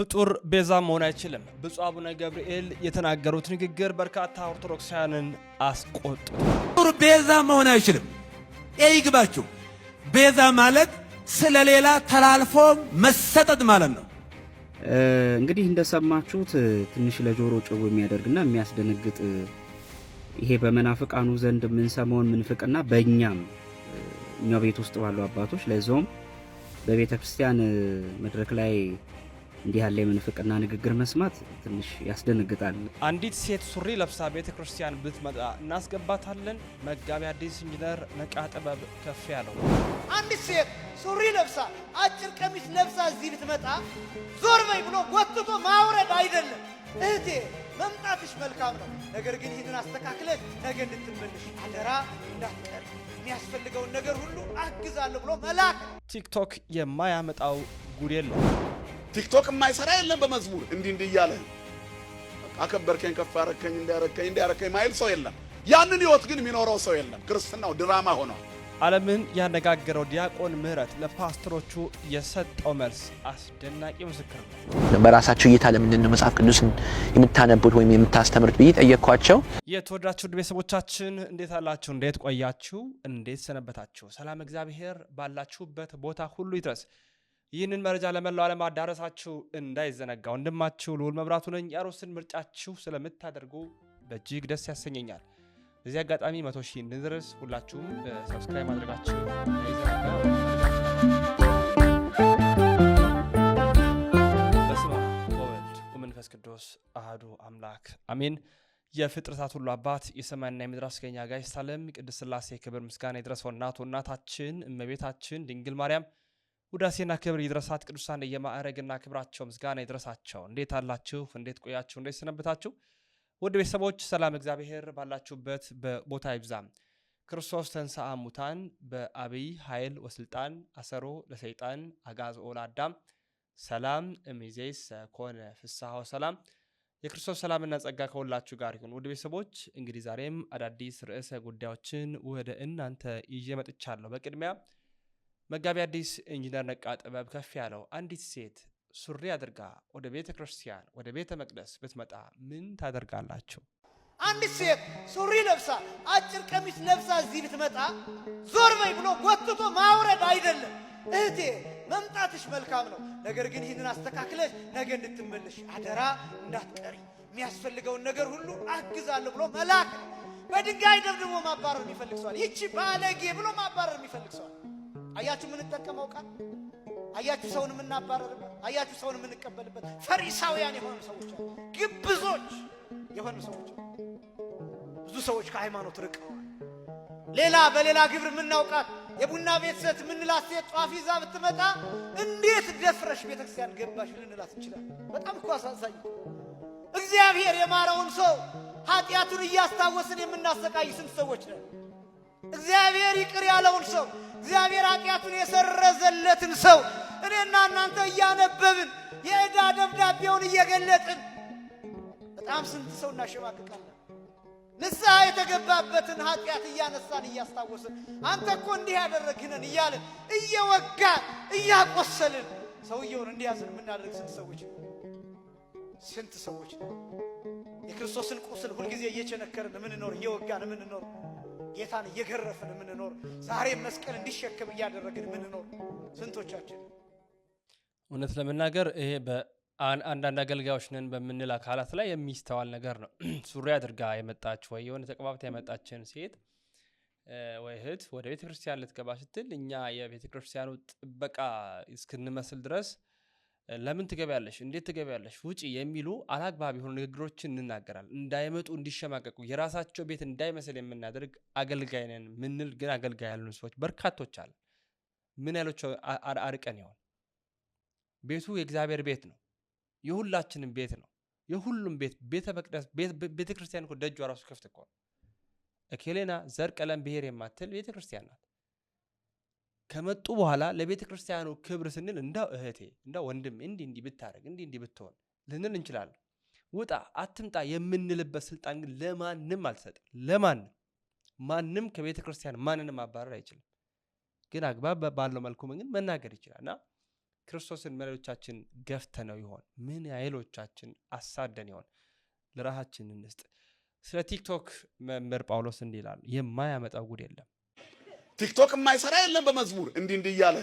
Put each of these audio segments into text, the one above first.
ፍጡር ቤዛ መሆን አይችልም። ብፁዕ አቡነ ገብርኤል የተናገሩት ንግግር በርካታ ኦርቶዶክሳውያንን አስቆጡ። ፍጡር ቤዛ መሆን አይችልም። ይግባችሁ። ቤዛ ማለት ስለሌላ ተላልፎ መሰጠት ማለት ነው። እንግዲህ እንደሰማችሁት ትንሽ ለጆሮ ጭው የሚያደርግና የሚያስደነግጥ ይሄ በመናፍቃኑ ዘንድ የምንሰማውን ምንፍቅና በእኛም እኛው ቤት ውስጥ ባሉ አባቶች ለዚውም በቤተ ክርስቲያን መድረክ ላይ እንዲህ ያለ የምንፍቅና ንግግር መስማት ትንሽ ያስደነግጣል። አንዲት ሴት ሱሪ ለብሳ ቤተ ክርስቲያን ብትመጣ እናስገባታለን። መጋቢ አዲስ ኢንጂነር ነቃ ጥበብ ከፍ ያለው አንዲት ሴት ሱሪ ለብሳ አጭር ቀሚስ ለብሳ እዚህ ብትመጣ ዞር በይ ብሎ ጎትቶ ማውረድ አይደለም። እህቴ መምጣትሽ መልካም ነው፣ ነገር ግን ይህንን አስተካክለን ነገ እንድትመልሽ አደራ እንዳትቀር የሚያስፈልገውን ነገር ሁሉ አግዛለሁ ብሎ መላክ ቲክቶክ የማያመጣው ጉድ ቲክቶክ የማይሰራ የለም። በመዝሙር እንዲህ እንዲህ እያለህ አከበርከኝ፣ ከፍ አረከኝ፣ እንዲያረከኝ እንዲያረከኝ ማይል ሰው የለም። ያንን ህይወት ግን የሚኖረው ሰው የለም። ክርስትናው ድራማ ሆኗል። ዓለምን ያነጋገረው ዲያቆን ምህረት ለፓስተሮቹ የሰጠው መልስ አስደናቂ ምስክር ነው። በራሳችሁ እይታ ለምንድን ነው መጽሐፍ ቅዱስን የምታነቡት ወይም የምታስተምሩት ብዬ ጠየቅኳቸው። የተወደዳችሁ ውድ ቤተሰቦቻችን እንዴት አላችሁ? እንዴት ቆያችሁ? እንዴት ሰነበታችሁ? ሰላም እግዚአብሔር ባላችሁበት ቦታ ሁሉ ይድረስ። ይህንን መረጃ ለመላው ዓለም አዳረሳችሁ እንዳይዘነጋ። ወንድማችሁ ልዑል መብራቱ ነኝ። ያሮስን ምርጫችሁ ስለምታደርጉ በእጅግ ደስ ያሰኘኛል። በዚህ አጋጣሚ መቶ ሺህ እንድንደርስ ሁላችሁም ሰብስክራይብ ማድረጋችሁ እንዳይዘነጋ። ወወልድ ቅዱስ አህዱ አምላክ አሜን። የፍጥረታት ሁሉ አባት የሰማይና የምድር አስገኛ ሳለም ቅድስት ስላሴ ክብር ምስጋና የድረሰው እናቱ እናታችን እመቤታችን ድንግል ማርያም ውዳሴና ክብር ይድረሳት ቅዱሳን የማዕረግና ክብራቸው ምስጋና ይድረሳቸው። እንዴት አላችሁ? እንዴት ቆያችሁ? እንዴት ሰነበታችሁ? ውድ ቤተሰቦች ሰላም እግዚአብሔር ባላችሁበት በቦታ ይብዛም። ክርስቶስ ተንሥአ እሙታን በአብይ ኃይል ወስልጣን አሰሮ ለሰይጣን አግዓዞ ለአዳም ሰላም እምይእዜሰ ኮነ ፍስሐ ሰላም። የክርስቶስ ሰላምና ጸጋ ከሁላችሁ ጋር ይሁን። ውድ ቤተሰቦች እንግዲህ ዛሬም አዳዲስ ርዕሰ ጉዳዮችን ወደ እናንተ ይዤ መጥቻለሁ። በቅድሚያ መጋቢ አዲስ ኢንጂነር ነቃ ጥበብ ከፍ ያለው አንዲት ሴት ሱሪ አድርጋ ወደ ቤተ ክርስቲያን ወደ ቤተ መቅደስ ብትመጣ ምን ታደርጋላችሁ? አንዲት ሴት ሱሪ ለብሳ አጭር ቀሚስ ለብሳ እዚህ ብትመጣ ዞር በይ ብሎ ጎትቶ ማውረድ አይደለም። እህቴ መምጣትሽ መልካም ነው፣ ነገር ግን ይህንን አስተካክለሽ ነገ እንድትመለሽ አደራ እንዳትቀሪ፣ የሚያስፈልገውን ነገር ሁሉ አግዛለሁ ብሎ መላክ። በድንጋይ ደብድቦ ማባረር የሚፈልግ ሰዋል። ይቺ ባለጌ ብሎ ማባረር የሚፈልግ ሰዋል። አያችሁ የምንጠቀመው ቃል፣ አያችሁ ሰውን የምናባረርበት፣ አያችሁ ሰውን የምንቀበልበት። ፈሪሳውያን የሆኑ ሰዎች አሉ፣ ግብዞች የሆኑ ሰዎች ብዙ ሰዎች ከሃይማኖት ርቀዋል። ሌላ በሌላ ግብር የምናውቃት የቡና ቤት ሴት የምንላት ሴት ጧፍ ይዛ ብትመጣ እንዴት ደፍረሽ ቤተክርስቲያን ገባሽ ልንላት እንችላለን። በጣም እኮ አሳዛኝ። እግዚአብሔር የማረውን ሰው ኃጢአቱን እያስታወስን የምናሰቃይ ስንት ሰዎች ነን። እግዚአብሔር ይቅር ያለውን ሰው እግዚአብሔር ኃጢአቱን የሰረዘለትን ሰው እኔና እናንተ እያነበብን የዕዳ ደብዳቤውን እየገለጥን በጣም ስንት ሰው እናሸማቅቃለን። ንስሐ የተገባበትን ኃጢአት እያነሳን እያስታወስን አንተ እኮ እንዲህ ያደረግህንን እያለን እየወጋን እያቆሰልን ሰውየውን እንዲያዝን የምናደርግ ስንት ሰዎች ስንት ሰዎች የክርስቶስን ቁስል ሁልጊዜ እየቸነከርን የምንኖር እየወጋን የምንኖር ጌታን እየገረፍን ምንኖር ዛሬ መስቀል እንዲሸከም እያደረግን ምንኖር ስንቶቻችን? እውነት ለመናገር ይሄ አንዳንድ አገልጋዮች ነን በምንል አካላት ላይ የሚስተዋል ነገር ነው። ሱሪ አድርጋ የመጣች ወይ የሆነ ተቀባብታ የመጣችን ሴት ወይ እህት ወደ ቤተክርስቲያን ልትገባ ስትል እኛ የቤተክርስቲያኑ ጥበቃ እስክንመስል ድረስ ለምን ትገቢያለሽ፣ እንዴት ትገቢያለሽ፣ ውጪ የሚሉ አላግባብ የሆኑ ንግግሮችን እንናገራል። እንዳይመጡ እንዲሸማቀቁ፣ የራሳቸው ቤት እንዳይመስል የምናደርግ አገልጋይ ነን ምንል ግን አገልጋይ ያሉን ሰዎች በርካቶች አለ። ምን ያሎች አርቀን ይሆን? ቤቱ የእግዚአብሔር ቤት ነው። የሁላችንም ቤት ነው። የሁሉም ቤት ቤተ መቅደስ ቤተ ክርስቲያን ደጇ ራሱ ክፍት እኮ ነው። እኬሌና ዘር፣ ቀለም፣ ብሔር የማትል ቤተ ክርስቲያን ናት። ከመጡ በኋላ ለቤተ ክርስቲያኑ ክብር ስንል እንዳው እህቴ እንዳው ወንድም እንዲህ እንዲህ ብታደርግ እንዲህ እንዲህ ብትሆን ልንል እንችላለን። ውጣ አትምጣ የምንልበት ስልጣን ግን ለማንም አልሰጥም። ለማንም ማንም ከቤተ ክርስቲያን ማንንም ማባረር አይችልም። ግን አግባብ ባለው መልኩ ግን መናገር ይችላል እና ክርስቶስን መሪዎቻችን ነው ይሆን? ምን ያህሎቻችን አሳደን ይሆን? ለራሳችን እንስጥ። ስለ ቲክቶክ መምህር ጳውሎስ እንዲህ ይላል፣ የማያመጣው ጉድ የለም። ቲክቶክ የማይሰራ የለም። በመዝሙር እንዲህ እንዲህ እያለ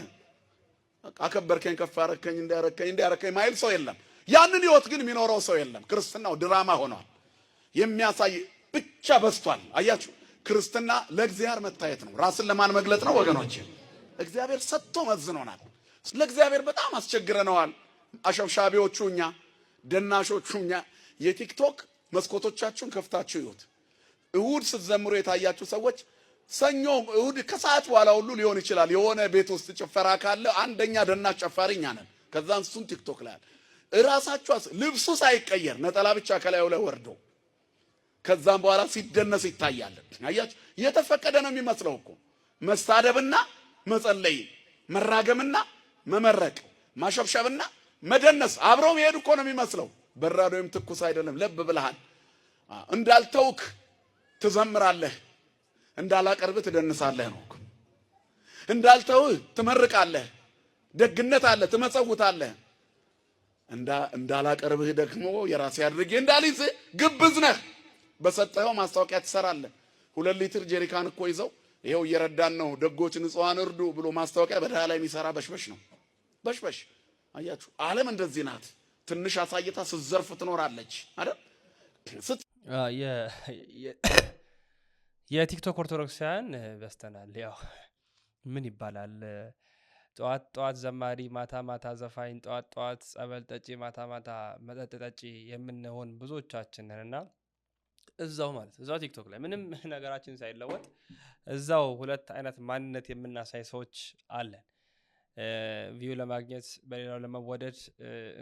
አከበርከኝ፣ ከፍ አረከኝ፣ እንዲያረከኝ እንዲያረከኝ ማይል ሰው የለም። ያንን ህይወት ግን የሚኖረው ሰው የለም። ክርስትናው ድራማ ሆኗል። የሚያሳይ ብቻ በዝቷል። አያችሁ፣ ክርስትና ለእግዚአብሔር መታየት ነው። ራስን ለማን መግለጥ ነው? ወገኖች፣ እግዚአብሔር ሰጥቶ መዝኖናል። ለእግዚአብሔር በጣም አስቸግረነዋል። አሸብሻቢዎቹ እኛ፣ ደናሾቹ እኛ። የቲክቶክ መስኮቶቻችሁን ከፍታችሁ ይሁት እሁድ ስትዘምሩ የታያችሁ ሰዎች ሰኞ እሁድ ከሰዓት በኋላ ሁሉ ሊሆን ይችላል። የሆነ ቤት ውስጥ ጭፈራ ካለ አንደኛ ደናሽ ጨፋሪ እኛ ነን። ከዛ እሱን ቲክቶክ ላይ እራሳችሁ ልብሱ ሳይቀየር ነጠላ ብቻ ከላዩ ላይ ወርዶ ከዛም በኋላ ሲደነስ ይታያል። አያችሁ፣ የተፈቀደ ነው የሚመስለው እኮ መሳደብና መጸለይ፣ መራገምና መመረቅ፣ ማሸብሸብና መደነስ አብሮ መሄድ እኮ ነው የሚመስለው። በራዶም ትኩስ አይደለም። ለብ ብለሃል። እንዳልተውክ ትዘምራለህ እንዳላቀርብ ትደንሳለህ ነው። እንዳልተውህ ትመርቃለህ። ደግነት አለ ትመጸውታለህ። እንዳላቀርብህ ደግሞ የራሴ አድርጌ እንዳልይዝ ግብዝ ነህ። በሰጠኸው ማስታወቂያ ትሰራለህ። ሁለት ሊትር ጀሪካን እኮ ይዘው ይኸው እየረዳን ነው፣ ደጎች ንጹሃን እርዱ ብሎ ማስታወቂያ በድሃ ላይ የሚሰራ በሽበሽ ነው። በሽበሽ አያችሁ፣ ዓለም እንደዚህ ናት። ትንሽ አሳይታ ስትዘርፍ ትኖራለች አይደል? የቲክቶክ ኦርቶዶክሳውያን በስተናል። ያው ምን ይባላል ጠዋት ጠዋት ዘማሪ፣ ማታ ማታ ዘፋኝ፣ ጠዋት ጠዋት ጸበል ጠጪ፣ ማታ ማታ መጠጥ ጠጪ የምንሆን ብዙዎቻችንን እና እዛው ማለት እዛው ቲክቶክ ላይ ምንም ነገራችን ሳይለወጥ እዛው ሁለት አይነት ማንነት የምናሳይ ሰዎች አለን። ቪዩ ለማግኘት በሌላው ለመወደድ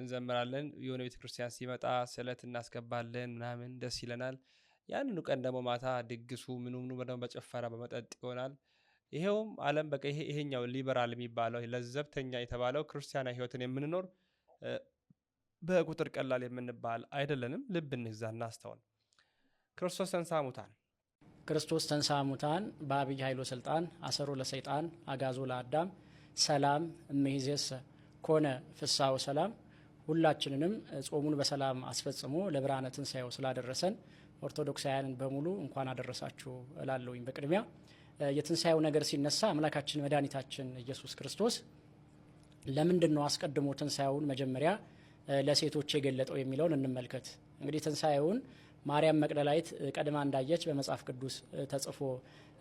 እንዘምራለን። የሆነ ቤተክርስቲያን ሲመጣ ስዕለት እናስገባለን ምናምን ደስ ይለናል። ያንኑ ቀን ደግሞ ማታ ድግሱ ምኑ ምኑ ደግሞ በጭፈራ በመጠጥ ይሆናል። ይሄውም አለም በቃ ይሄኛው ሊበራል የሚባለው ለዘብተኛ የተባለው ክርስቲያና ህይወትን የምንኖር በቁጥር ቀላል የምንባል አይደለንም። ልብ እንዛ እናስተውል። ክርስቶስ ተንሳ ሙታን ክርስቶስ ተንሳ ሙታን በአብይ ኃይሎ ስልጣን አሰሮ ለሰይጣን አጋዞ ለአዳም ሰላም እምሂዜስ ኮነ ፍሳው ሰላም ሁላችንንም ጾሙን በሰላም አስፈጽሞ ለብርሃነ ትንሣኤው ስላደረሰን ኦርቶዶክሳውያንን በሙሉ እንኳን አደረሳችሁ እላለሁኝ። በቅድሚያ የትንሣኤው ነገር ሲነሳ አምላካችን መድኃኒታችን ኢየሱስ ክርስቶስ ለምንድን ነው አስቀድሞ ትንሣኤውን መጀመሪያ ለሴቶች የገለጠው የሚለውን እንመልከት። እንግዲህ ትንሣኤውን ማርያም መቅደላዊት ቀድማ እንዳየች በመጽሐፍ ቅዱስ ተጽፎ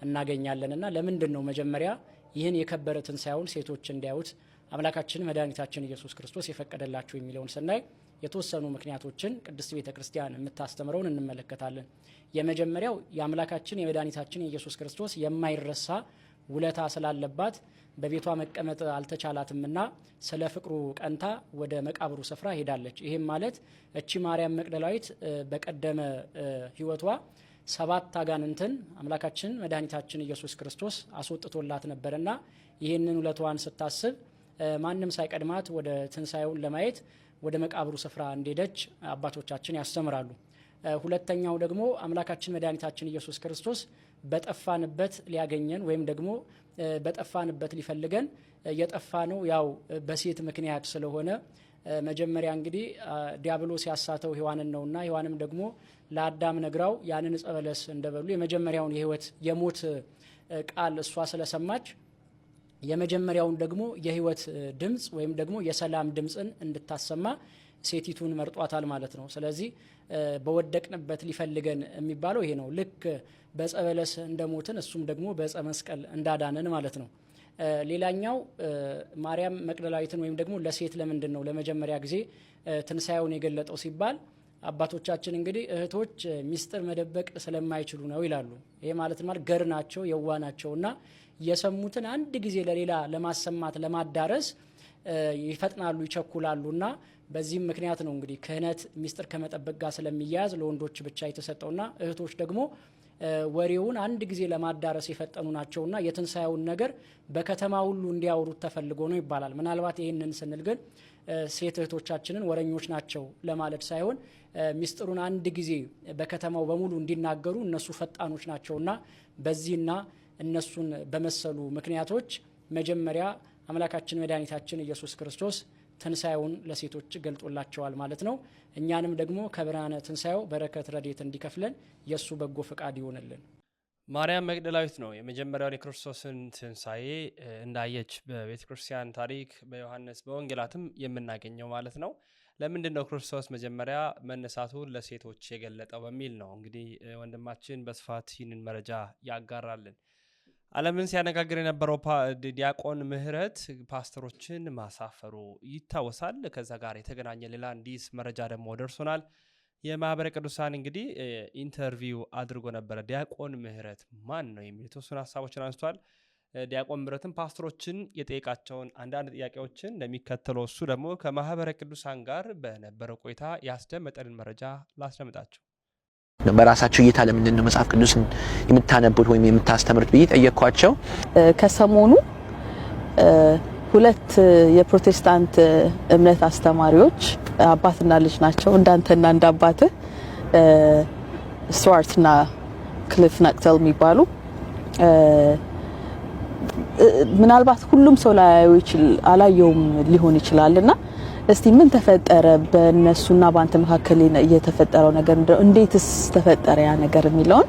እናገኛለንና ለምንድን ነው መጀመሪያ ይህን የከበረ ትንሣኤውን ሴቶች እንዲያዩት አምላካችን መድኃኒታችን ኢየሱስ ክርስቶስ የፈቀደላቸው የሚለውን ስናይ የተወሰኑ ምክንያቶችን ቅድስት ቤተ ክርስቲያን የምታስተምረውን እንመለከታለን። የመጀመሪያው የአምላካችን የመድኃኒታችን ኢየሱስ ክርስቶስ የማይረሳ ውለታ ስላለባት በቤቷ መቀመጥ አልተቻላትምና ስለ ፍቅሩ ቀንታ ወደ መቃብሩ ስፍራ ሄዳለች። ይህም ማለት እቺ ማርያም መቅደላዊት በቀደመ ሕይወቷ ሰባት አጋንንትን አምላካችን መድኃኒታችን ኢየሱስ ክርስቶስ አስወጥቶላት ነበርና ይህንን ውለቷን ስታስብ ማንም ሳይቀድማት ወደ ትንሣኤውን ለማየት ወደ መቃብሩ ስፍራ እንደሄደች አባቶቻችን ያስተምራሉ። ሁለተኛው ደግሞ አምላካችን መድኃኒታችን ኢየሱስ ክርስቶስ በጠፋንበት ሊያገኘን ወይም ደግሞ በጠፋንበት ሊፈልገን የጠፋ ነው ያው በሴት ምክንያት ስለሆነ መጀመሪያ እንግዲህ ዲያብሎስ ያሳተው ሔዋንን ነውና ሔዋንም ደግሞ ለአዳም ነግራው ያንን ዕፀ በለስ እንደበሉ የመጀመሪያውን የህይወት የሞት ቃል እሷ ስለሰማች የመጀመሪያውን ደግሞ የህይወት ድምፅ ወይም ደግሞ የሰላም ድምፅን እንድታሰማ ሴቲቱን መርጧታል ማለት ነው። ስለዚህ በወደቅንበት ሊፈልገን የሚባለው ይሄ ነው። ልክ በዕፀ በለስ እንደሞትን እሱም ደግሞ በዕፀ መስቀል እንዳዳነን ማለት ነው። ሌላኛው ማርያም መቅደላዊትን ወይም ደግሞ ለሴት ለምንድን ነው ለመጀመሪያ ጊዜ ትንሣኤውን የገለጠው ሲባል አባቶቻችን እንግዲህ እህቶች ሚስጥር መደበቅ ስለማይችሉ ነው ይላሉ። ይሄ ማለት ማለት ገር ናቸው፣ የዋ ናቸውና የሰሙትን አንድ ጊዜ ለሌላ ለማሰማት ለማዳረስ ይፈጥናሉ፣ ይቸኩላሉ ና በዚህም ምክንያት ነው እንግዲህ ክህነት ሚስጥር ከመጠበቅ ጋር ስለሚያያዝ ለወንዶች ብቻ የተሰጠውና እህቶች ደግሞ ወሬውን አንድ ጊዜ ለማዳረስ የፈጠኑ ናቸውና የትንሣኤውን ነገር በከተማ ሁሉ እንዲያወሩት ተፈልጎ ነው ይባላል። ምናልባት ይህንን ስንል ግን ሴት እህቶቻችንን ወረኞች ናቸው ለማለት ሳይሆን ሚስጥሩን አንድ ጊዜ በከተማው በሙሉ እንዲናገሩ እነሱ ፈጣኖች ናቸውና በዚህና እነሱን በመሰሉ ምክንያቶች መጀመሪያ አምላካችን መድኃኒታችን ኢየሱስ ክርስቶስ ትንሣኤውን ለሴቶች ገልጦላቸዋል ማለት ነው። እኛንም ደግሞ ከብርሃነ ትንሣኤው በረከት ረዴት እንዲከፍለን የእሱ በጎ ፈቃድ ይሆንልን። ማርያም መግደላዊት ነው የመጀመሪያውን የክርስቶስን ትንሣኤ እንዳየች በቤተ ክርስቲያን ታሪክ በዮሐንስ በወንጌላትም የምናገኘው ማለት ነው። ለምንድን ነው ክርስቶስ መጀመሪያ መነሳቱን ለሴቶች የገለጠው በሚል ነው። እንግዲህ ወንድማችን በስፋት ይህንን መረጃ ያጋራልን። ዓለምን ሲያነጋግር የነበረው ዲያቆን ምህረት ፓስተሮችን ማሳፈሩ ይታወሳል። ከዛ ጋር የተገናኘ ሌላ እንዲስ መረጃ ደግሞ ደርሶናል። የማህበረ ቅዱሳን እንግዲህ ኢንተርቪው አድርጎ ነበረ። ዲያቆን ምህረት ማን ነው የሚል የተወሰኑ ሀሳቦችን አንስቷል። ዲያቆን ምህረትም ፓስተሮችን የጠየቃቸውን አንዳንድ ጥያቄዎችን እንደሚከተለው እሱ ደግሞ ከማህበረ ቅዱሳን ጋር በነበረው ቆይታ ያስደመጠንን መረጃ ላስደምጣቸው። በራሳችሁ እይታ ለምንድን ነው መጽሐፍ ቅዱስን የምታነቡት ወይም የምታስተምሩት ብዬ ጠየቅኳቸው። ከሰሞኑ ሁለት የፕሮቴስታንት እምነት አስተማሪዎች አባትና ልጅ ናቸው። እንዳንተና እንደ አባትህ ስቱዋርትና ክሊፍ ነቅተል የሚባሉ ምናልባት ሁሉም ሰው ላያዩ አላየውም ሊሆን ይችላል እና እስቲ ምን ተፈጠረ በእነሱና በአንተ መካከል የተፈጠረው ነገር እንዴትስ ተፈጠረ ያ ነገር የሚለውን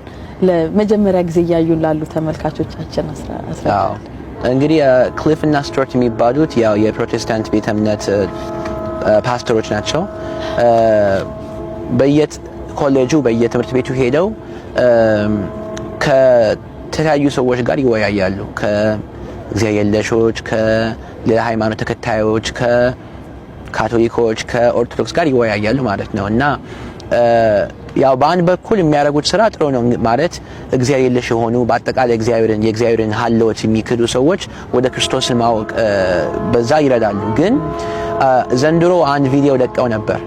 ለመጀመሪያ ጊዜ እያዩን ላሉ ተመልካቾቻችን አስረዳል። እንግዲህ ክሊፍ እና ስቱዋርት የሚባሉት ያው የፕሮቴስታንት ቤተ እምነት ፓስተሮች ናቸው። በየት ኮሌጁ በየትምህርት ቤቱ ሄደው ከተለያዩ ሰዎች ጋር ይወያያሉ። ከእግዚአብሔር የለሾች፣ ከሌላ ሃይማኖት ተከታዮች ካቶሊኮች ከኦርቶዶክስ ጋር ይወያያሉ ማለት ነው እና ያው በአንድ በኩል የሚያደርጉት ስራ ጥሩ ነው ማለት እግዚአብሔር የለሽ የሆኑ በአጠቃላይ እግዚአብሔርን የእግዚአብሔርን ሀለወት የሚክዱ ሰዎች ወደ ክርስቶስን ማወቅ በዛ ይረዳሉ። ግን ዘንድሮ አንድ ቪዲዮ ለቀው ነበር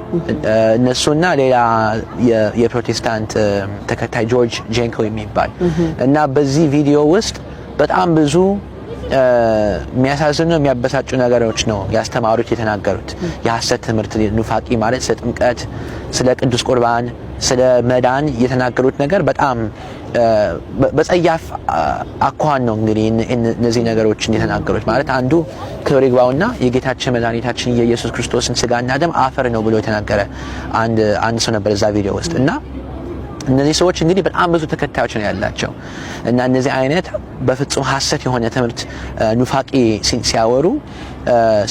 እነሱና ሌላ የፕሮቴስታንት ተከታይ ጆርጅ ጄንኮ የሚባል እና በዚህ ቪዲዮ ውስጥ በጣም ብዙ የሚያሳዝኑ የሚያበሳጩ ነገሮች ነው ያስተማሩት የተናገሩት። የሀሰት ትምህርት ኑፋቂ ማለት ስለ ጥምቀት፣ ስለ ቅዱስ ቁርባን፣ ስለ መዳን የተናገሩት ነገር በጣም በጸያፍ አኳን ነው እንግዲህ እነዚህ ነገሮች የተናገሩት ማለት አንዱ ክብር ይግባውና የጌታችን መድኃኒታችን የኢየሱስ ክርስቶስን ስጋና ደም አፈር ነው ብሎ የተናገረ አንድ ሰው ነበር እዛ ቪዲዮ ውስጥ እና እነዚህ ሰዎች እንግዲህ በጣም ብዙ ተከታዮች ነው ያላቸው እና እነዚህ አይነት በፍጹም ሀሰት የሆነ ትምህርት ኑፋቂ ሲያወሩ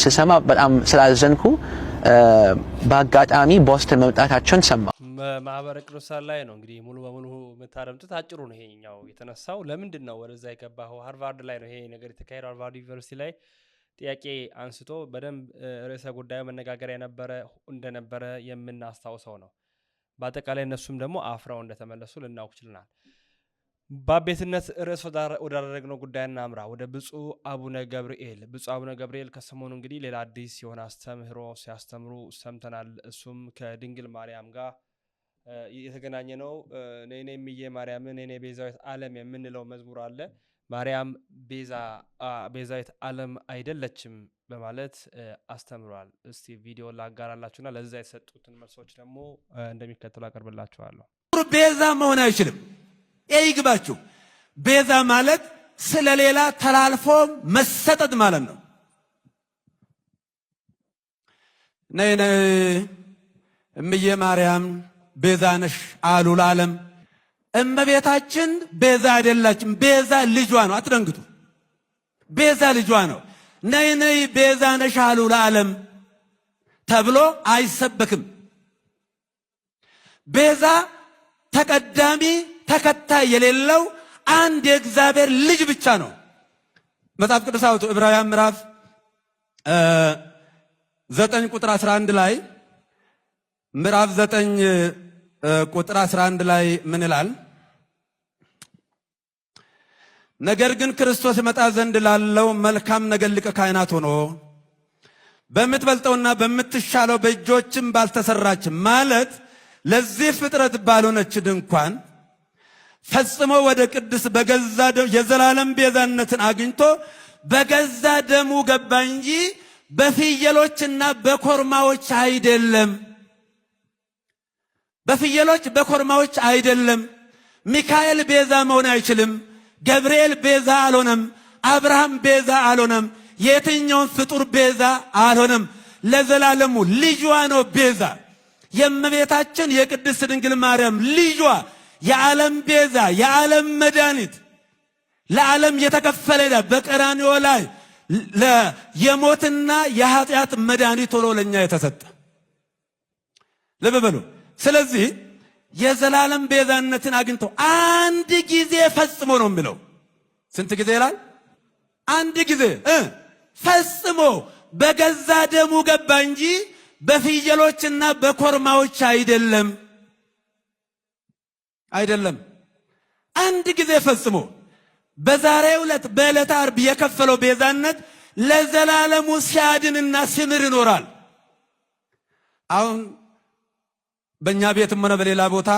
ስሰማ በጣም ስላዘንኩ በአጋጣሚ ቦስተን መምጣታቸውን ሰማ ማህበረ ቅዱሳን ላይ ነው እንግዲህ ሙሉ በሙሉ የምታደምጡት። አጭሩ ነው ይሄኛው የተነሳው። ለምንድን ነው ወደዛ የገባ ሃርቫርድ ላይ ነው ይሄ ነገር የተካሄደው። ሃርቫርድ ዩኒቨርሲቲ ላይ ጥያቄ አንስቶ በደንብ ርዕሰ ጉዳዩ መነጋገር የነበረ እንደነበረ የምናስታውሰው ነው። በአጠቃላይ እነሱም ደግሞ አፍራው እንደተመለሱ ልናውቅ ችልናል። ባቤትነት ርዕስ ወዳደረግነው ጉዳይ እናምራ፣ ወደ ብፁዕ አቡነ ገብርኤል። ብፁዕ አቡነ ገብርኤል ከሰሞኑ እንግዲህ ሌላ አዲስ የሆነ አስተምህሮ ሲያስተምሩ ሰምተናል። እሱም ከድንግል ማርያም ጋር የተገናኘ ነው። ኔኔ ምዬ ማርያምን ኔኔ ቤዛዊት ዓለም የምንለው መዝሙር አለ። ማርያም ቤዛዊት ዓለም አይደለችም በማለት አስተምሯል። እስቲ ቪዲዮ ና ለዛ የሰጡትን መልሶች ደግሞ እንደሚከተሉ አቀርብላችኋለሁ። ቤዛ መሆን አይችልም። ይህ ይግባችሁ። ቤዛ ማለት ስለሌላ ተላልፎ መሰጠት ማለት ነው። ነይ ነይ እምዬ ማርያም ቤዛ ነሽ አሉ ለዓለም። እመቤታችን ቤዛ አይደላችን። ቤዛ ልጇ ነው። አትደንግጡ። ቤዛ ልጇ ነው። ነይ ነይ ቤዛ ነሻሉ ለዓለም ተብሎ አይሰበክም። ቤዛ ተቀዳሚ ተከታይ የሌለው አንድ የእግዚአብሔር ልጅ ብቻ ነው። መጽሐፍ ቅዱስ አውጡ ዕብራውያን ምዕራፍ ዘጠኝ ቁጥር 11 ላይ ምዕራፍ ዘጠኝ ቁጥር 11 ላይ ምን ይላል? ነገር ግን ክርስቶስ ይመጣ ዘንድ ላለው መልካም ነገር ሊቀ ካህናት ሆኖ በምትበልጠውና በምትሻለው በእጆችም ባልተሰራች ማለት ለዚህ ፍጥረት ባልሆነች ድንኳን ፈጽሞ ወደ ቅድስ በገዛ ደም የዘላለም ቤዛነትን አግኝቶ በገዛ ደሙ ገባ እንጂ በፍየሎችና በኮርማዎች አይደለም። በፍየሎች በኮርማዎች አይደለም። ሚካኤል ቤዛ መሆን አይችልም። ገብርኤል ቤዛ አልሆነም። አብርሃም ቤዛ አልሆነም። የትኛውን ፍጡር ቤዛ አልሆነም። ለዘላለሙ ልጇ ነው ቤዛ። የእመቤታችን የቅድስት ድንግል ማርያም ልጇ የዓለም ቤዛ፣ የዓለም መድኃኒት ለዓለም የተከፈለ ዕዳ በቀራንዮ ላይ የሞትና የኃጢአት መድኃኒት ሆኖ ለእኛ የተሰጠ ልብ በሉ። ስለዚህ የዘላለም ቤዛነትን አግኝተው አንድ ጊዜ ፈጽሞ ነው የሚለው። ስንት ጊዜ ይላል? አንድ ጊዜ ፈጽሞ በገዛ ደሙ ገባ እንጂ በፍየሎችና በኮርማዎች አይደለም፣ አይደለም። አንድ ጊዜ ፈጽሞ በዛሬው ዕለት በዕለተ ዓርብ የከፈለው ቤዛነት ለዘላለሙ ሲያድንና ሲምር ይኖራል። አሁን በእኛ ቤትም ሆነ በሌላ ቦታ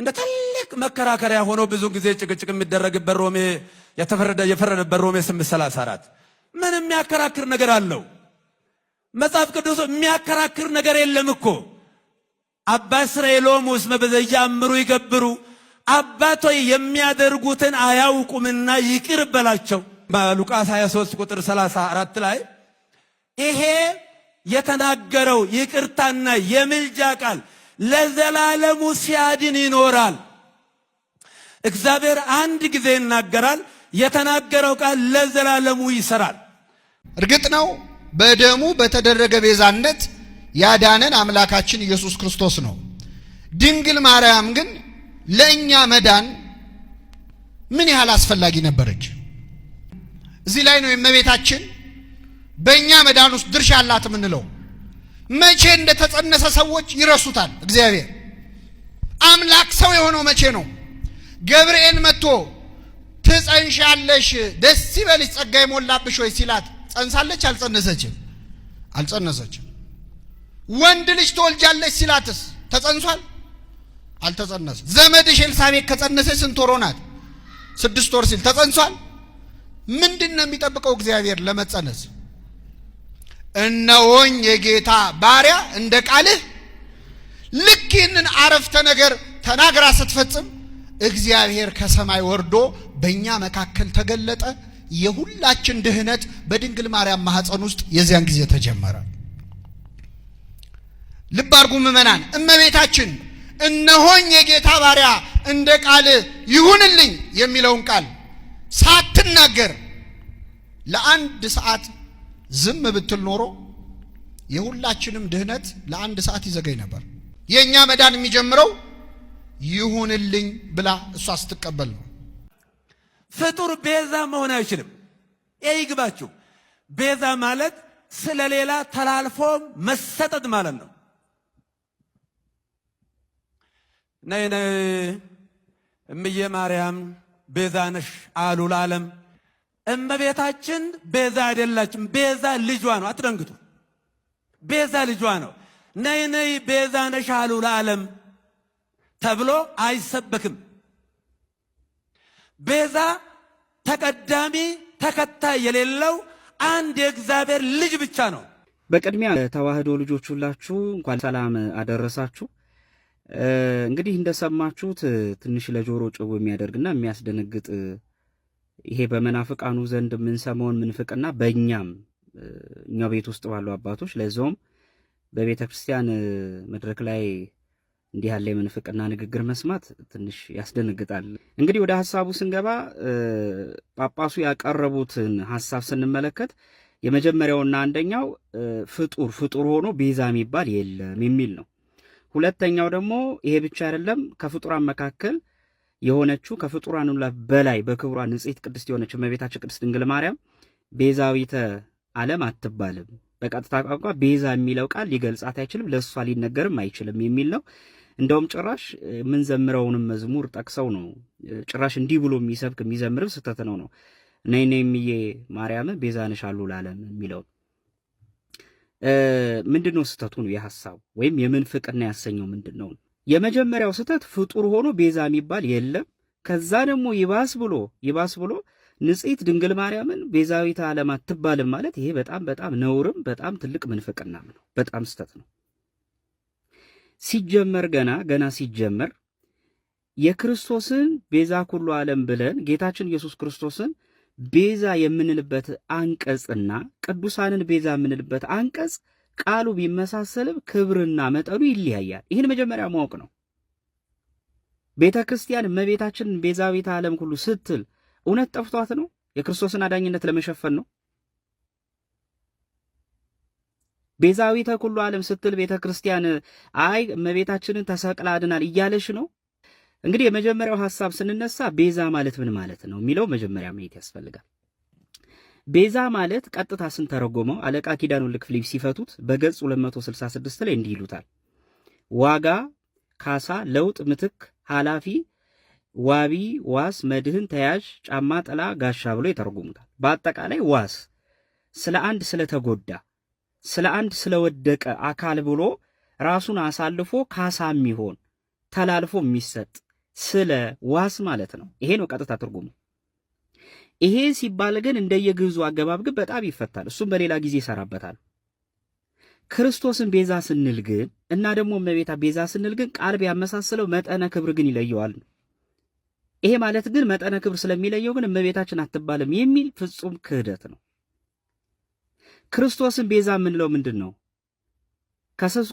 እንደ ትልቅ መከራከሪያ ሆኖ ብዙ ጊዜ ጭቅጭቅ የሚደረግበት ሮሜ የፈረደበት ሮሜ አራት ምን የሚያከራክር ነገር አለው? መጽሐፍ ቅዱስ የሚያከራክር ነገር የለም እኮ። አባ እስራኤሎም ውስጥ በዘያምሩ ይገብሩ አባቶ የሚያደርጉትን አያውቁምና ይቅር በላቸው። በሉቃስ 23 ቁጥር 34 ላይ ይሄ የተናገረው ይቅርታና የምልጃ ቃል ለዘላለሙ ሲያድን ይኖራል። እግዚአብሔር አንድ ጊዜ ይናገራል። የተናገረው ቃል ለዘላለሙ ይሰራል። እርግጥ ነው በደሙ በተደረገ ቤዛነት ያዳነን አምላካችን ኢየሱስ ክርስቶስ ነው። ድንግል ማርያም ግን ለእኛ መዳን ምን ያህል አስፈላጊ ነበረች? እዚህ ላይ ነው የእመቤታችን በእኛ መዳን ውስጥ ድርሻ አላት የምንለው። መቼ እንደተጸነሰ ሰዎች ይረሱታል። እግዚአብሔር አምላክ ሰው የሆነው መቼ ነው? ገብርኤል መጥቶ ትጸንሻለሽ፣ ደስ ይበልሽ፣ ጸጋ የሞላብሽ ወይ ሲላት ጸንሳለች? አልጸነሰችም? አልጸነሰችም። ወንድ ልጅ ትወልጃለች ሲላትስ ተጸንሷል? አልተጸነሰ? ዘመድሽ ኤልሳቤት ከጸነሰች ስንት ወር ሆናት? ስድስት ወር ሲል ተጸንሷል? ምንድን ነው የሚጠብቀው እግዚአብሔር ለመጸነስ? እነሆኝ የጌታ ባሪያ እንደ ቃልህ። ልክ ይህንን አረፍተ ነገር ተናግራ ስትፈጽም እግዚአብሔር ከሰማይ ወርዶ በእኛ መካከል ተገለጠ። የሁላችን ድህነት በድንግል ማርያም ማኅፀን ውስጥ የዚያን ጊዜ ተጀመረ። ልብ አድርጉ ምእመናን። እመቤታችን እነሆኝ የጌታ ባሪያ እንደ ቃል ይሁንልኝ የሚለውን ቃል ሳትናገር ለአንድ ሰዓት ዝም ብትል ኖሮ የሁላችንም ድህነት ለአንድ ሰዓት ይዘገይ ነበር። የእኛ መዳን የሚጀምረው ይሁንልኝ ብላ እሷ ስትቀበል ነው። ፍጡር ቤዛ መሆን አይችልም። ይህ ይግባችሁ። ቤዛ ማለት ስለሌላ ተላልፎ መሰጠት ማለት ነው። ነይ ነይ እምዬ ማርያም ቤዛ ነሽ አሉ ለዓለም። እመቤታችን ቤዛ አይደላችም። ቤዛ ልጇ ነው። አትደንግጡ። ቤዛ ልጇ ነው። ነይ ነይ ቤዛ ነሽ ለዓለም ተብሎ አይሰበክም። ቤዛ ተቀዳሚ ተከታይ የሌለው አንድ የእግዚአብሔር ልጅ ብቻ ነው። በቅድሚያ ተዋህዶ ልጆች ሁላችሁ እንኳን ሰላም አደረሳችሁ። እንግዲህ እንደሰማችሁት ትንሽ ለጆሮ ጭው የሚያደርግና የሚያስደነግጥ ይሄ በመናፍቃኑ ዘንድ የምንሰማውን ምንፍቅና በእኛም እኛው ቤት ውስጥ ባሉ አባቶች ለዚውም በቤተ ክርስቲያን መድረክ ላይ እንዲህ ያለ የምንፍቅና ንግግር መስማት ትንሽ ያስደነግጣል። እንግዲህ ወደ ሀሳቡ ስንገባ ጳጳሱ ያቀረቡትን ሀሳብ ስንመለከት የመጀመሪያውና አንደኛው ፍጡር ፍጡር ሆኖ ቤዛ የሚባል የለም የሚል ነው። ሁለተኛው ደግሞ ይሄ ብቻ አይደለም፣ ከፍጡራን መካከል የሆነችው ከፍጡራን ሁሉ በላይ በክብሯ ንጽሕት ቅድስት የሆነችው እመቤታችን ቅድስት ድንግል ማርያም ቤዛዊተ ዓለም አትባልም። በቀጥታ ቋንቋ ቤዛ የሚለው ቃል ሊገልጻት አይችልም፣ ለእሷ ሊነገርም አይችልም የሚል ነው። እንደውም ጭራሽ የምንዘምረውንም መዝሙር ጠቅሰው ነው ጭራሽ እንዲህ ብሎ የሚሰብክ የሚዘምርም ስህተት ነው ነው ነይ ነይ እምዬ ማርያም ቤዛ ነሻሉ ለዓለም የሚለው ምንድን ነው? ስህተቱ ነው የሐሳቡ ወይም የምንፍቅና ያሰኘው ምንድን ነው? የመጀመሪያው ስህተት ፍጡር ሆኖ ቤዛ የሚባል የለም። ከዛ ደግሞ ይባስ ብሎ ይባስ ብሎ ንጽሕት ድንግል ማርያምን ቤዛዊተ ዓለም አትባልም ማለት ይሄ በጣም በጣም ነውርም በጣም ትልቅ ምንፍቅናም ነው፣ በጣም ስህተት ነው። ሲጀመር ገና ገና ሲጀመር የክርስቶስን ቤዛ ኩሉ ዓለም ብለን ጌታችን ኢየሱስ ክርስቶስን ቤዛ የምንልበት አንቀጽና ቅዱሳንን ቤዛ የምንልበት አንቀጽ ቃሉ ቢመሳሰልም ክብርና መጠኑ ይለያያል። ይህን መጀመሪያ ማወቅ ነው። ቤተ ክርስቲያን እመቤታችንን ቤዛዊተ ዓለም ሁሉ ስትል እውነት ጠፍቷት ነው? የክርስቶስን አዳኝነት ለመሸፈን ነው? ቤዛዊተ ኩሉ ዓለም ስትል ቤተ ክርስቲያን አይ እመቤታችንን ተሰቅላ አድናል እያለሽ ነው? እንግዲህ የመጀመሪያው ሐሳብ ስንነሳ ቤዛ ማለት ምን ማለት ነው የሚለው መጀመሪያ ማየት ያስፈልጋል። ቤዛ ማለት ቀጥታ ስንተረጎመው አለቃ ኪዳኑ ወልድ ሲፈቱት በገጽ 266 ላይ እንዲህ ይሉታል። ዋጋ፣ ካሳ፣ ለውጥ፣ ምትክ፣ ኃላፊ፣ ዋቢ፣ ዋስ፣ መድህን፣ ተያዥ፣ ጫማ፣ ጥላ፣ ጋሻ ብሎ ይተረጉሙታል። በአጠቃላይ ዋስ ስለ አንድ ስለተጎዳ ስለ አንድ ስለወደቀ አካል ብሎ ራሱን አሳልፎ ካሳ የሚሆን ተላልፎ የሚሰጥ ስለ ዋስ ማለት ነው። ይሄ ነው ቀጥታ ትርጉሙ። ይሄ ሲባል ግን እንደየግዙ አገባብ ግን በጣም ይፈታል። እሱም በሌላ ጊዜ ይሰራበታል። ክርስቶስን ቤዛ ስንል ግን እና ደግሞ እመቤታ ቤዛ ስንል ግን ቃል ቢያመሳስለው መጠነ ክብር ግን ይለየዋል። ይሄ ማለት ግን መጠነ ክብር ስለሚለየው ግን እመቤታችን አትባልም የሚል ፍጹም ክህደት ነው። ክርስቶስን ቤዛ የምንለው ምንድን ነው?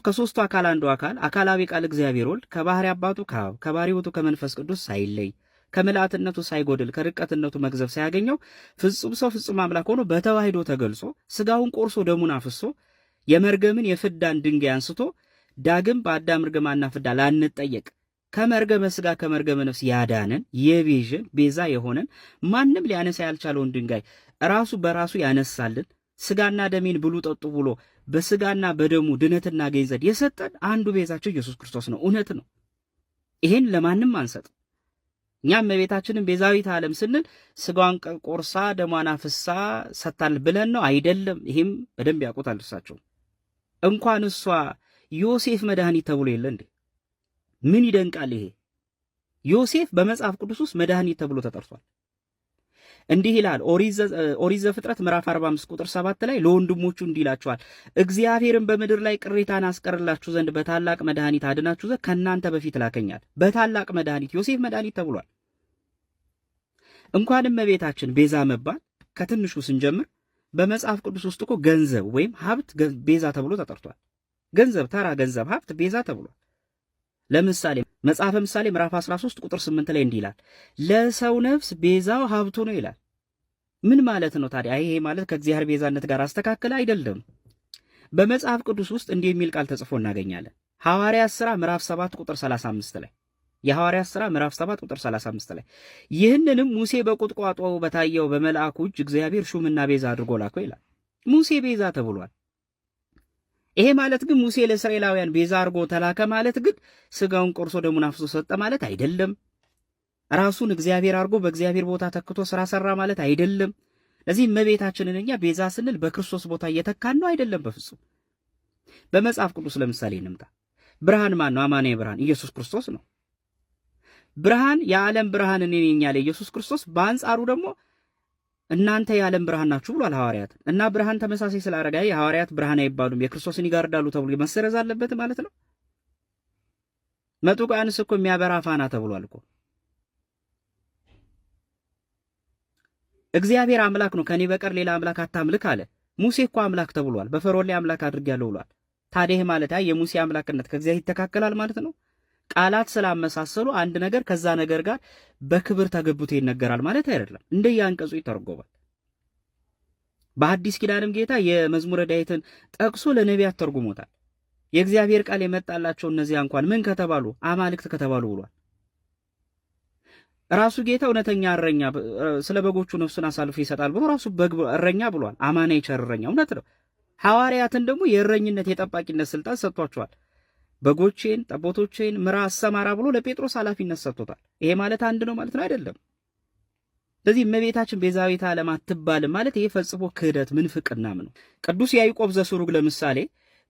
ከሶስቱ አካል አንዱ አካል አካላዊ ቃል እግዚአብሔር ወልድ ከባህሪ አባቱ ከአብ ከባህሪ ውእቱ ከመንፈስ ቅዱስ ሳይለይ ከምልአትነቱ ሳይጎድል ከርቀትነቱ መግዘፍ ሳያገኘው ፍጹም ሰው ፍጹም አምላክ ሆኖ በተዋህዶ ተገልጾ ስጋውን ቆርሶ ደሙን አፍሶ የመርገምን የፍዳን ድንጋይ አንስቶ ዳግም በአዳም ርግማና ፍዳ ላንጠየቅ ከመርገመ ስጋ ከመርገመ ነፍስ ያዳነን የቤዥን ቤዛ የሆነን ማንም ሊያነሳ ያልቻለውን ድንጋይ ራሱ በራሱ ያነሳልን ስጋና ደሜን ብሉ ጠጡ ብሎ በስጋና በደሙ ድነትና ገኝ ዘንድ የሰጠን አንዱ ቤዛቸው ኢየሱስ ክርስቶስ ነው። እውነት ነው። ይሄን ለማንም አንሰጥ። እኛም እመቤታችንን ቤዛዊት ዓለም ስንል ስጋዋን ቆርሳ ደሟን አፍሳ ሰታል ብለን ነው አይደለም። ይህም በደንብ ያውቁታል እርሳቸው። እንኳን እሷ ዮሴፍ መድኃኒት ተብሎ የለ እንዴ? ምን ይደንቃል ይሄ! ዮሴፍ በመጽሐፍ ቅዱስ ውስጥ መድኃኒት ተብሎ ተጠርቷል። እንዲህ ይላል ኦሪት ዘፍጥረት ምዕራፍ 45 ቁጥር 7 ላይ ለወንድሞቹ እንዲህ ይላቸዋል፣ እግዚአብሔርን በምድር ላይ ቅሬታን አስቀርላችሁ ዘንድ በታላቅ መድኃኒት አድናችሁ ዘንድ ከእናንተ በፊት ላከኛል። በታላቅ መድኃኒት ዮሴፍ መድኃኒት ተብሏል። እንኳንም እመቤታችን ቤዛ መባል ከትንሹ ስንጀምር በመጽሐፍ ቅዱስ ውስጥ እኮ ገንዘብ ወይም ሀብት ቤዛ ተብሎ ተጠርቷል። ገንዘብ፣ ተራ ገንዘብ ሀብት ቤዛ ተብሏል። ለምሳሌ መጽሐፈ ምሳሌ ምዕራፍ 13 ቁጥር 8 ላይ እንዲህ ይላል፣ ለሰው ነፍስ ቤዛው ሀብቱ ነው ይላል። ምን ማለት ነው ታዲያ? ይሄ ማለት ከእግዚአብሔር ቤዛነት ጋር አስተካከለ አይደለም። በመጽሐፍ ቅዱስ ውስጥ እንዲህ የሚል ቃል ተጽፎ እናገኛለን። ሐዋርያት ሥራ ምዕራፍ 7 ቁጥር 35 ላይ የሐዋርያት ሥራ ምዕራፍ 7 ቁጥር 35 ላይ ይህንንም ሙሴ በቁጥቋጦው በታየው በመልአኩ እጅ እግዚአብሔር ሹምና ቤዛ አድርጎ ላከው ይላል። ሙሴ ቤዛ ተብሏል። ይሄ ማለት ግን ሙሴ ለእስራኤላውያን ቤዛ አድርጎ ተላከ ማለት ግን ስጋውን ቆርሶ ደሙን አፍሶ ሰጠ ማለት አይደለም። ራሱን እግዚአብሔር አድርጎ በእግዚአብሔር ቦታ ተክቶ ስራ ሰራ ማለት አይደለም። ለዚህ እመቤታችንን እኛ ቤዛ ስንል በክርስቶስ ቦታ እየተካን ነው አይደለም፣ በፍጹም። በመጽሐፍ ቅዱስ ለምሳሌ እንምጣ። ብርሃን ማን ነው? አማኔ ብርሃን ኢየሱስ ክርስቶስ ነው። ብርሃን የዓለም ብርሃን እኔ ነኝ ያለ ኢየሱስ ክርስቶስ በአንጻሩ ደግሞ እናንተ የዓለም ብርሃን ናችሁ ብሏል ሐዋርያት እና ብርሃን ተመሳሳይ ስላረጋ የሐዋርያት ብርሃን አይባሉም የክርስቶስን ይጋርዳሉ ተብሎ መሰረዝ አለበት ማለት ነው። መጥቁቃንስ እኮ የሚያበራ ፋና ተብሏል እኮ እግዚአብሔር አምላክ ነው፣ ከኔ በቀር ሌላ አምላክ አታምልክ አለ። ሙሴ እኮ አምላክ ተብሏል፣ በፈርዖን ላይ አምላክ አድርጌያለሁ ብሏል። ታዲያ ማለት የሙሴ አምላክነት ከእግዚአብሔር ይተካከላል ማለት ነው። ቃላት ስላመሳሰሉ አንድ ነገር ከዛ ነገር ጋር በክብር ተገብቶ ይነገራል ማለት አይደለም። ያንቀጹ ይተርጎማል። በአዲስ ኪዳንም ጌታ የመዝሙረ ዳዊትን ጠቅሶ ለነቢያት ተርጉሞታል። የእግዚአብሔር ቃል የመጣላቸው እነዚያ እንኳን ምን ከተባሉ አማልክት ከተባሉ ብሏል። ራሱ ጌታ እውነተኛ እረኛ ስለ በጎቹ ነፍሱን አሳልፎ ይሰጣል ብሎ ራሱ እረኛ ብሏል። አማና ቸር እረኛ እውነት ነው። ሐዋርያትን ደግሞ የእረኝነት የጠባቂነት ስልጣን ሰጥቷቸዋል። በጎቼን፣ ጠቦቶቼን ምራ፣ አሰማራ ብሎ ለጴጥሮስ ኃላፊነት ሰጥቶታል። ይሄ ማለት አንድ ነው ማለት ነው አይደለም። ስለዚህ እመቤታችን ቤዛዊተ ዓለም አትባልም ማለት ይሄ ፈጽሞ ክህደት ምንፍቅናም ነው። ቅዱስ ያዕቆብ ዘሱሩግ ለምሳሌ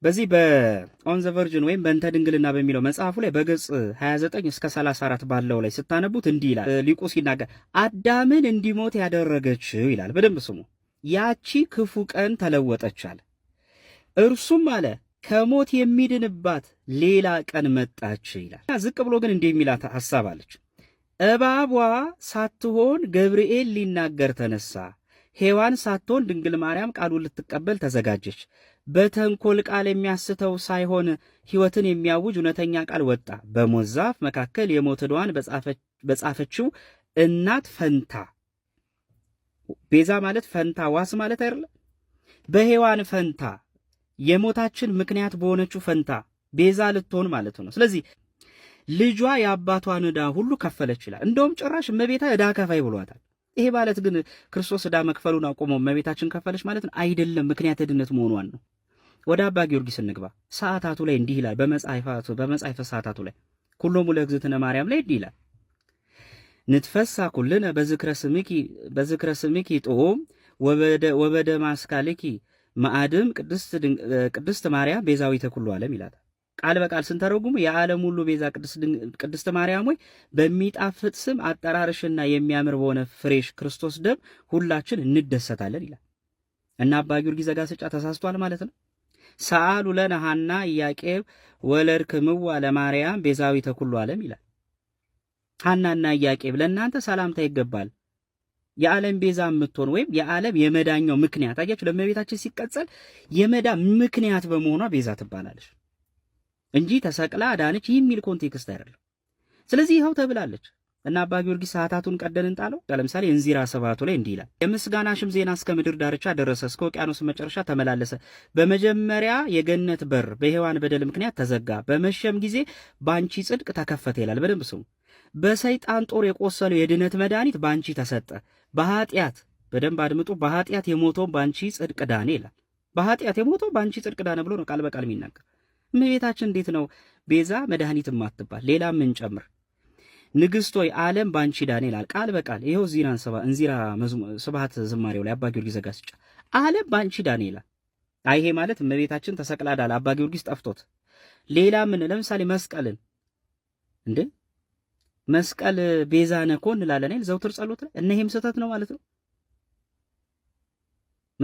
በዚህ በኦን ዘ ቨርጅን ወይም በእንተ ድንግልና በሚለው መጽሐፉ ላይ በገጽ 29 እስከ 34 ባለው ላይ ስታነቡት እንዲህ ይላል። ሊቁ ሲናገር አዳምን እንዲሞት ያደረገችው ይላል። በደንብ ስሙ። ያቺ ክፉ ቀን ተለወጠቻል። እርሱም አለ ከሞት የሚድንባት ሌላ ቀን መጣች ይላል። ዝቅ ብሎ ግን እንዲህ የሚላት ሐሳብ አለች። እባቧ ሳትሆን ገብርኤል ሊናገር ተነሳ። ሔዋን ሳትሆን ድንግል ማርያም ቃሉን ልትቀበል ተዘጋጀች። በተንኮል ቃል የሚያስተው ሳይሆን ሕይወትን የሚያውጅ እውነተኛ ቃል ወጣ። በሞት ዛፍ መካከል የሞት ዕዳዋን በጻፈችው እናት ፈንታ ቤዛ ማለት ፈንታ ዋስ ማለት አይደለም በሔዋን ፈንታ የሞታችን ምክንያት በሆነችው ፈንታ ቤዛ ልትሆን ማለት ነው። ስለዚህ ልጇ የአባቷን ዕዳ ሁሉ ከፈለች ይላል። እንደውም ጭራሽ እመቤታ ዕዳ ከፋይ ብሏታል። ይሄ ማለት ግን ክርስቶስ ዕዳ መክፈሉን አቁሞ እመቤታችን ከፈለች ማለት ነው አይደለም፣ ምክንያት ድነት መሆኗን ነው። ወደ አባ ጊዮርጊስ እንግባ። ሰዓታቱ ላይ እንዲህ ይላል። በመጽሐፈ ሰዓታቱ ላይ ሁሎሙ ለእግዝእትነ ማርያም ላይ እንዲህ ይላል ንትፈሳ ኩልነ በዝክረ ስምኪ በዝክረ ስምኪ ጥዑም ወበደ ማስካልኪ ማዕድም ቅድስት ማርያም ቤዛዊተ ኩሉ ዓለም ይላታል። ቃል በቃል ስንተረጉሙ የዓለም ሁሉ ቤዛ ቅድስት ማርያም ሆይ በሚጣፍጥ ስም አጠራርሽና የሚያምር በሆነ ፍሬሽ ክርስቶስ ደም ሁላችን እንደሰታለን ይላል እና አባ ጊዮርጊስ ዘጋስጫ ተሳስቷል ማለት ነው። ሰአሉ ለነ ሐና ኢያቄም ወለድክምዋ ለማርያም ቤዛዊተ ኩሉ ዓለም ይላል። ሐናና ኢያቄም ለእናንተ ሰላምታ ይገባል የዓለም ቤዛ የምትሆን ወይም የዓለም የመዳኛው ምክንያት አያችሁ፣ ለእመቤታችን ሲቀጸል የመዳ ምክንያት በመሆኗ ቤዛ ትባላለች እንጂ ተሰቅላ አዳነች የሚል ኮንቴክስት አይደለም። ስለዚህ ይኸው ተብላለች እና አባ ጊዮርጊስ ሰዓታቱን ቀደንን ጣለው። ለምሳሌ እንዚራ ሰባቱ ላይ እንዲህ ይላል፣ የምስጋናሽም ዜና እስከ ምድር ዳርቻ ደረሰ፣ እስከ ውቅያኖስ መጨረሻ ተመላለሰ። በመጀመሪያ የገነት በር በሔዋን በደል ምክንያት ተዘጋ፣ በመሸም ጊዜ በአንቺ ጽድቅ ተከፈተ ይላል። በደንብ ስሙ። በሰይጣን ጦር የቆሰለው የድነት መድኃኒት በአንቺ ተሰጠ፣ በኃጢአት በደንብ አድምጡ። በኃጢአት የሞተውን በአንቺ ጽድቅ ዳነ ይላል። በኃጢአት የሞተው በአንቺ ጽድቅ ዳነ ብሎ ነው ቃል በቃል የሚናገር። እመቤታችን እንዴት ነው ቤዛ መድኃኒት ማትባል ሌላ ምን ጨምር ንግሥት ሆይ ዓለም በአንቺ ዳነ ይላል ቃል በቃል ይኸው ዚና እንዚራ ስብሐት ዝማሬው ላይ አባ ጊዮርጊስ ዘጋስጫ ዓለም በአንቺ ዳነ ይላል። አይ ይሄ ማለት እመቤታችን ተሰቅላዳል አባ ጊዮርጊስ ጠፍቶት ሌላ ምን ለምሳሌ መስቀልን እንዴ መስቀል ቤዛ ነኮ እንላለን አይደል? ዘውትር ጸሎት ላይ እነሄም ስህተት ነው ማለት ነው።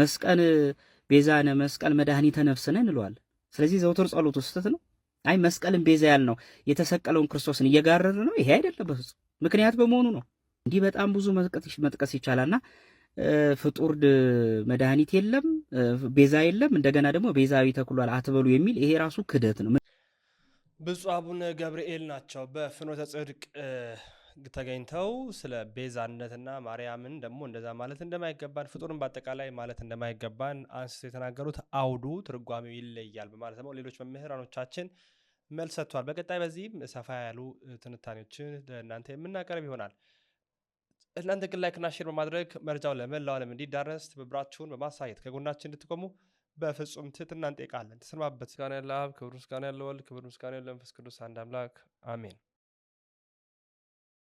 መስቀል ቤዛ ቤዛነ መስቀል መድኃኒተ ነፍስነ እንለዋለን። ስለዚህ ዘውትር ጸሎቱ ስህተት ነው። አይ መስቀልን ቤዛ ያልነው የተሰቀለውን ክርስቶስን እየጋረረ ነው። ይሄ አይደለም በፍጹም ምክንያት በመሆኑ ነው። እንዲህ በጣም ብዙ መጥቀስ ይቻላልና ፍጡር መድኃኒት የለም ቤዛ የለም እንደገና ደግሞ ቤዛዊ ተክሏል አትበሉ የሚል ይሄ ራሱ ክደት ነው። ብፁዕ አቡነ ገብርኤል ናቸው በፍኖተ ጽድቅ ተገኝተው ስለ ቤዛነትና ማርያምን ደግሞ እንደዛ ማለት እንደማይገባን ፍጡርን በአጠቃላይ ማለት እንደማይገባን አንስቶ የተናገሩት አውዱ ትርጓሜው ይለያል በማለት ደግሞ ሌሎች መምህራኖቻችን መልስ ሰጥቷል። በቀጣይ በዚህም ሰፋ ያሉ ትንታኔዎችን ለእናንተ የምናቀርብ ይሆናል። እናንተ ግን ላይክና ሼር በማድረግ መረጃው ለመላው ዓለም እንዲዳረስ ትብብራችሁን በማሳየት ከጎናችን እንድትቆሙ በፍጹም ትህትና እንጠይቃለን። ተሰንባበት። ምስጋና ያለ አብ ክብር፣ ምስጋና ያለ ወልድ ክብር፣ ምስጋና ያለ መንፈስ ቅዱስ አንድ አምላክ አሜን።